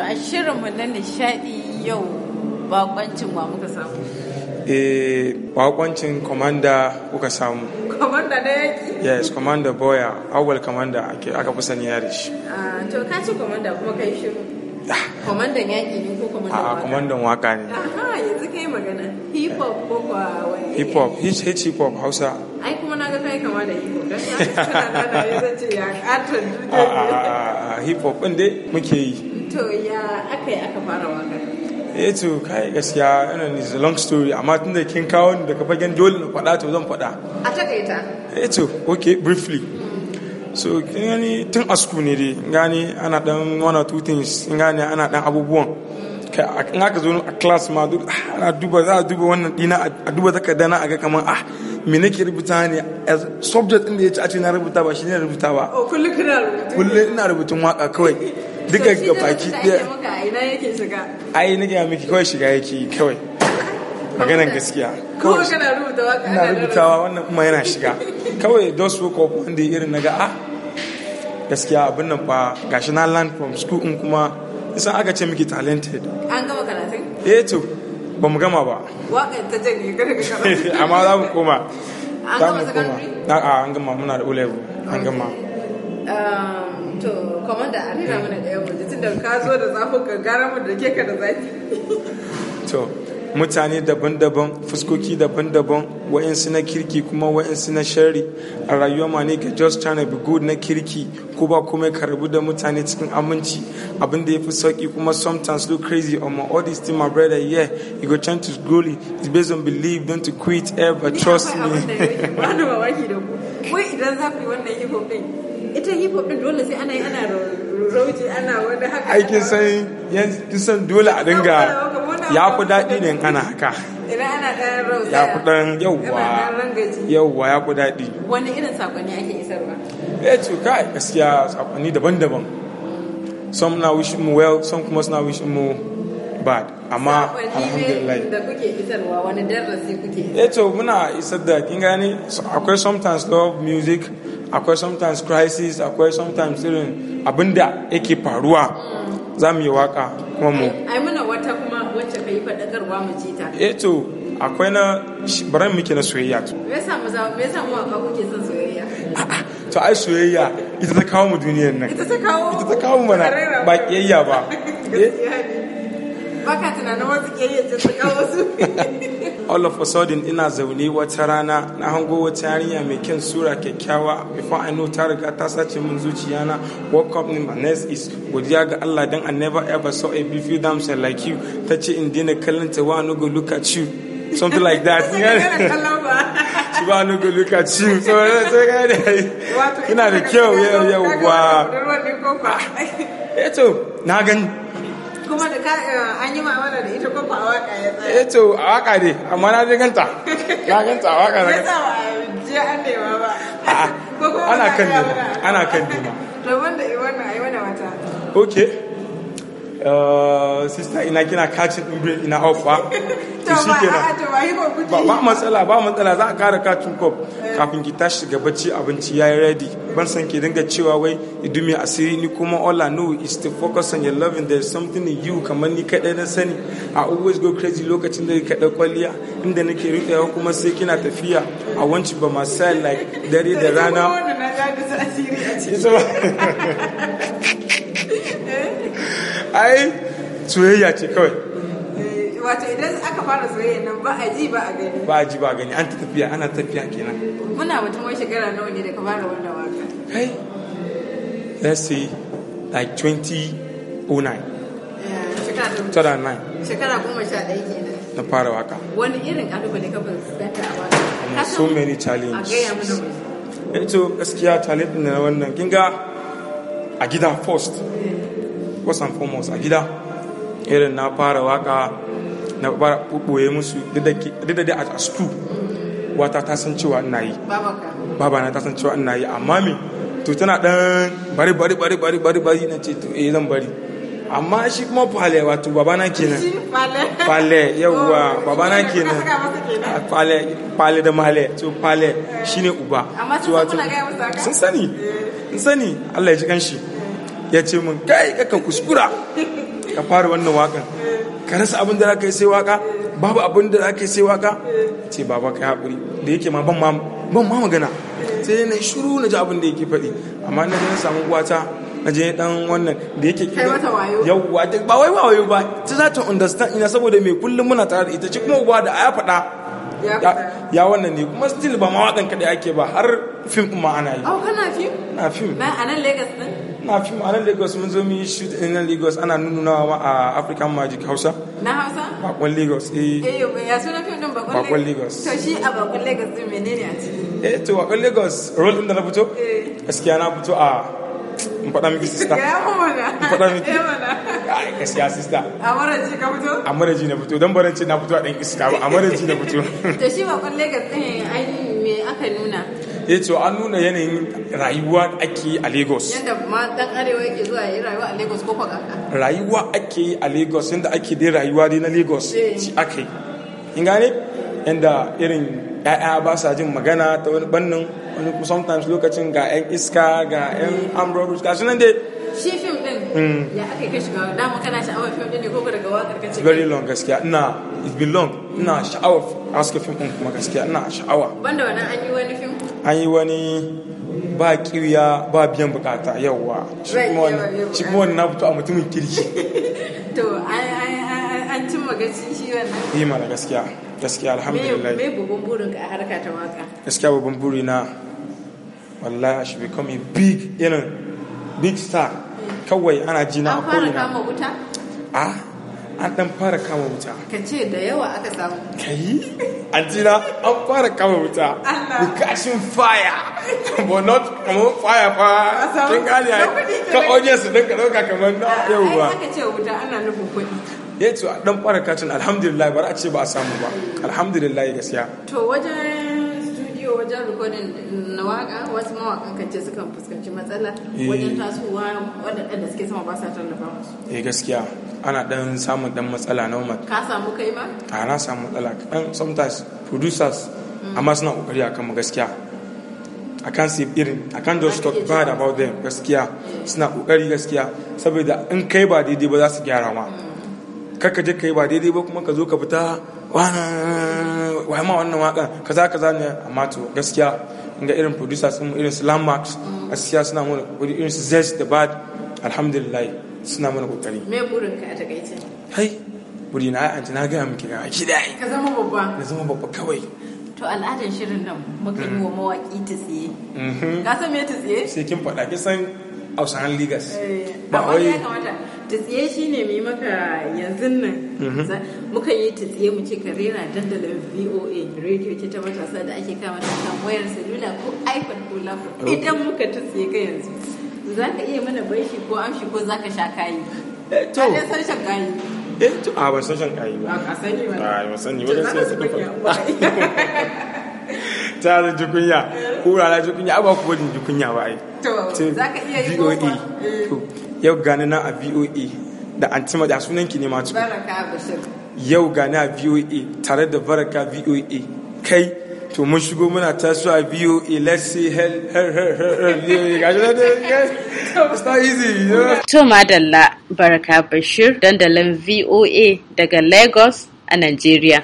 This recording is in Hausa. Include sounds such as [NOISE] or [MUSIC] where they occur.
To a shirinmu na nishadi yau bakoncin wa muka samu? Eh, bakoncin commander kuka samu. commander na yaki? Yes, commander boya, awal ake aka fi sani yare shi. Ah, to ka ci commander kuma kai shiru? Ah. commander yaki ne ko commander waka? commander waka ne. Aha, yanzu kai magana. Hip hop ko kwa wani? Hip hop, hip hop Hausa. Ai kuma na ga kai kama da hip hop. Dan ya ci ya atun ya katon Hip hop din dai muke yi. to ya aka yi aka fara wakar eh to kai gaskiya yana is a long story amma tun da kin kawo ni daga fagen dole na faɗa to zan faɗa a takaita eh to okay briefly so kin gani tun a school ne dai gani ana dan one or two things kin gani ana dan abubuwan kai in aka zo a class ma duk ah, ana duba za a duba wannan dina a duba dana a ga kamar ah me nake rubuta ne as subject din da yace a ce na rubuta ba shi ne rubuta ba oh kullu kana rubuta kullu ina rubutun waka kawai duka ga baki daya ai na gaya miki kawai shiga yake kawai maganan gaskiya kawai kana rubutawa ina rubutawa wannan kuma yana shiga kawai those who cop wanda irin naga a ah, gaskiya abin nan fa gashi na land from school in kuma isan aka ce miki talented an gama karatun eh to ba mu gama ba waƙar ta janye kada ka [LAUGHS] amma za mu koma za mu koma an gama muna da o an gama um, to kamar da arena mana ɗaya waje tun da ka zo da zafin gangara mu da keka da zafi to mutane daban-daban fuskoki daban-daban wa'insu na kirki kuma wa'insu na shari a rayuwa ma ne ka just trying to be good na kirki ko ba kuma ka rabu da mutane cikin aminci abin da ya fi sauki kuma sometimes look crazy on my all this thing my brother yeah you go trying to grow it's based on belief don't to quit ever trust me ku wannan ita hip hop din dole sai ana yi ana rauji ana wani haka aikin san yan san dole a dinga ya fi daɗi ne ana haka ya fi ɗan yauwa yauwa ya fi daɗi wani irin saƙonni ake isarwa ya eh, ce kai gaskiya saƙonni daban-daban some na wish mu well some kuma suna wish mu bad amma alhamdulillah da kuke isarwa wani darasi kuke ya eh, ce muna isar da kin gani akwai sometimes love music akwai sometimes crisis akwai sometimes irin abinda yake faruwa za mu yi waka kuma mu ai muna wata kuma wacce ka yi faɗakarwa mu ji ta eh to akwai na mu muke na soyayya to me yasa mu za me yasa mu waka kuke son soyayya to ai soyayya ita ta kawo mu duniyar nan ita ta kawo ita ta kawo mana ba kiyayya ba [LAUGHS] ba ka tunanin wasu kiyayya ta kawo su [LAUGHS] all of a sudden ina zaune wata rana na hango wata yarinya mai kyan sura kyakkyawa before i know ta riga ta sace min zuciyana woke up in my next is godiya ga Allah dan i never ever saw a beautiful damsel like you ta ce in dina kallon ta wa no go look at you something like that shi ba [LAUGHS] no go look at you so eh, sai eh, eh, ga ina da kyau yau yau wa eh na gani kuma da ka eh, an yi ma'amala da ita ko waka ya tsaya eh, a waka ne amma na dai ganta na ganta a waka na ganta je an nema ba ana kan nema ana kan nema to wanda wannan wannan mata. okay uh, ina kina catching ina off [LAUGHS] ke ba ba matsala ba matsala za a kara katin kof kafin ki tashi ga bacci abinci ya yi ready ban san ki dinga cewa wai idumi asiri ni kuma all I know is to focus on your loving there is something in you kamar ni kadai na sani a always go crazy lokacin da ka kwalliya inda nake riƙewa kuma sai kina tafiya a want ba ma like dare da rana [LAUGHS] eh? ai soyayya ce kawai wato idan aka fara soyayya nan ba a ji ba a gani ba a ji ba a gani an ta tafiya ana tafiya kenan muna mutum wani shekara nawa ne da ka fara wannan waka kai let's say like 2009 shekara nine shekara goma sha ɗaya kenan na fara waka wani irin kalubale ka fuskanta a waka so many challenges a eh, to gaskiya challenge na wannan kinga a gida first first and foremost a gida irin na fara waka na bara ɓoye musu duk da a stu wata ta san cewa ina yi baba na ta san cewa ina yi amma me to tana dan bari bari bari bari bari bari na ce to eh zan bari amma shi kuma fale wato babana kenan fale yawwa na kenan fale ah, fale da male to fale shine uba to wato sun sani sun sani Allah ya ji kanshi ya ce min kai kakan kuskura [LAUGHS] ka fara wannan wakan ka rasa abin da zaka yi sai waka babu abin da zaka yi sai waka ce baba kai hakuri da yake ma ban ma ban ma magana sai na shiru na ji abin da yake faɗi amma na je na samu uwata na je dan wannan da yake Kai wayo yawwa ba wai wayo ba ta za ta understand ina saboda me kullum muna tare da ita ce kuma uwa da aya faɗa ya wannan ne kuma still ba mawaɗan kaɗai ake ba har fim ma ana yi au kana fim na fim na a nan lagos din na fim a nan lagos mun zo mu yi shoot nan lagos ana nawa ma a african magic hausa na hausa bakon lagos eh, eh ya suna fim din bakon lagos to shi a bakon lagos din menene a ciki eh to bakon lagos role din da na fito eh gaskiya na fito a in faɗa miki sista [LAUGHS] in faɗa miki ka siya sista a ka fito a maraji na fito dan baranci na fito a dan iska ba a na fito [LAUGHS] to shi ba kun Lagos din ai me aka nuna ya eh, ce an nuna yanayin rayuwa ake a lagos yadda ma dan arewa yake zuwa yi rayuwa a lagos ko kwakaka rayuwa ake a lagos yadda ake dai rayuwa dai na lagos eh. shi aka yi in gane yadda irin ya'ya ba sa jin magana ta wani bannin wani sometimes lokacin ga 'yan iska ga 'yan eh. ambrobus ga sunan dai shi fim Mm. ya aka kai shiga dama kana sha'awar fim ne ko daga wakar ka ce very long gaskiya ina it's been long ina mm. sha'awar aska fim din kuma gaskiya ina sha'awa banda wannan an yi wani fim an yi wani ba kiriya ba biyan bukata yawa shi kuma wani na fito a mutumin kirki [LAUGHS] to an cin magaci shi wannan yi mara gaskiya gaskiya alhamdulillah me babban burin ka a harka ta waka gaskiya babban burina wallahi i should become a big you know big star kawai ana jina a ko'ina na wuta a an dan fara kama wuta ka ce da yawa aka samu kai a jina an fara kama wuta Allah kashin fire [LAUGHS] but not kama fire fa kin ai ka oje su dinka dauka kamar na yau ba aka ce wuta ana nufin kudi ya eh, dan fara kacin alhamdulillah bar a ce ba a samu ba alhamdulillah gaskiya to wajen wajen rikodin na waka wasu mawakan kance sukan fuskanci matsala eh. wajen tasowa waɗanda suke sama ba sa tallafa musu eh gaskiya ana dan samun dan matsala na umar ka samu kai ma a na samu matsala kan sometimes producers mm. amma suna kokari akan mu gaskiya I can't see irin I can't just talk bad about them gaskiya eh. suna kokari gaskiya saboda in kai ba daidai ba za su gyara ma mm. kakka je kai ba daidai ba kuma ka zo ka fita wana wai ma wannan waƙan kaza kaza ne amma to gaskiya ga irin producers din irin su landmarks gaskiya suna mana kokari irin su zest da bad alhamdulillah suna mana kokari me burin ka a takaice hai buri na an na ga miki ga ki dai ka zama babba Ka zama babba kawai to al'adan shirin nan muka yi wa mm. mawaki ta tsiye mm-hmm. ka san me ta tsiye sai kin faɗa kin san Hausa Ligas eh, ba wai tsiye shi ne mai maka yanzu nan mhm. muka yi tsiye mu ce ka rera dandalin voa radio ce ta matasa da ake kama ta kan wayar salula ko iphone ko laptop idan muka tsiye ka yanzu za ka iya mana bashi ko amshi ko za ka sha kayi eh, to a san shan kayi eh to a ban san shan kayi ba a sani ba a ban sani ba sai su duka [LAUGHS] ta da jukunya kurara jukunya ba ku gwajin jukunya ba ai to za ka iya yi ko voa yau gani na a voa e da antima da sunan ki ne ma ci yau gani a voa e tare da baraka voa e. kai to mun shigo muna taso a voa let's say her her her her voa it's not easy to madalla baraka bashir dandalin voa daga lagos a nigeria